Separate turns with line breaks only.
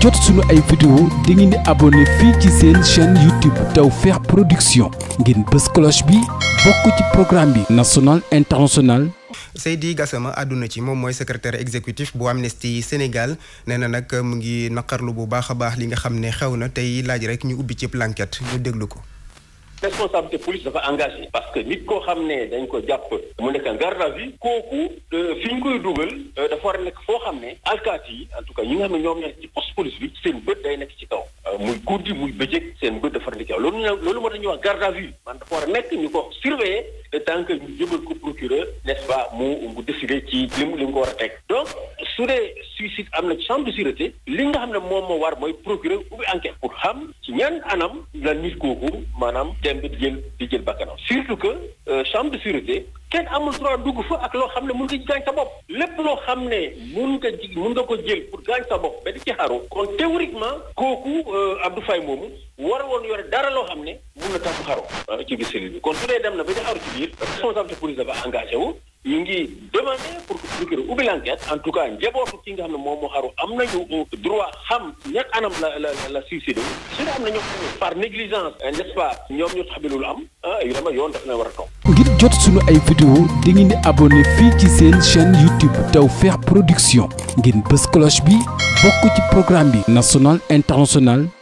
jot suñu ay vidéo da ngeen di abonné fii ci seen chaîne YouTube Tawfekh Production ngeen bës cloche bi bokk ci programme bi national international
Seydi Gassama àdduna ci moom mooy secrétaire exécutif bu Amnesty Sénégal nee na nag mu ngi naqarlu bu baax baax li nga xam ne xew na tey laaj rek ñu ubbi ci enquête ñu déglu ko
responsabilité police parce que nit koo xam ne dañ ko jàpp mu nekk en garde kooku euh, fi ñu koy dugal euh, dafa war a nekk foo xam ne alkaati yi en tout force police bi seen bët day nekk ci kaw euh, muy guddi muy bëccëg seen bët dafa nekk loolu loolu moo tax ñuy wax garde à vue man dafa war a nekk ñu ko surveiller tant que ñu jëbal ko procureur n'est-ce pas mu mu décider ci li a teg donc su dee suicide am na chambre de sûreté li nga xam ne moom moo war mooy procureur ubbi enquête pour xam ci ñan anam la nit kooku maanaam dem bi di jël di jël bakkanam surtout que euh, chambre de sûreté kenn amul droit dugg fa ak loo xam ne mun nga gaañ sa bopp lépp loo xam ne mun nga ji mun nga ko jël pour gaañ sa bopp ba di ci xaru kon théoriquement kooku euh, Abdou fay moomu war woon yore dara loo xam ne mun na tax xaru ci gis cellule bi kon su dee dem na ba di xaru ci biir responsabilité police dafa engagé wu ñu ngi demander pour que procureur ubbi l'enquête en tout cas njabootu ci nga xam ne moom moo xaru am nañu droit xam ñan anam la la la suicide su ne am na ñoo par négligence n'est-ce ñoom ñu xabilul am yu ah, dama yoon daf na war a toog
ngir jot suñu ay vidéo di ngeen di abonné fii ci seen chaîne YouTube Tawfekh Production ngeen bës cloche bi bokk ci programme bi national international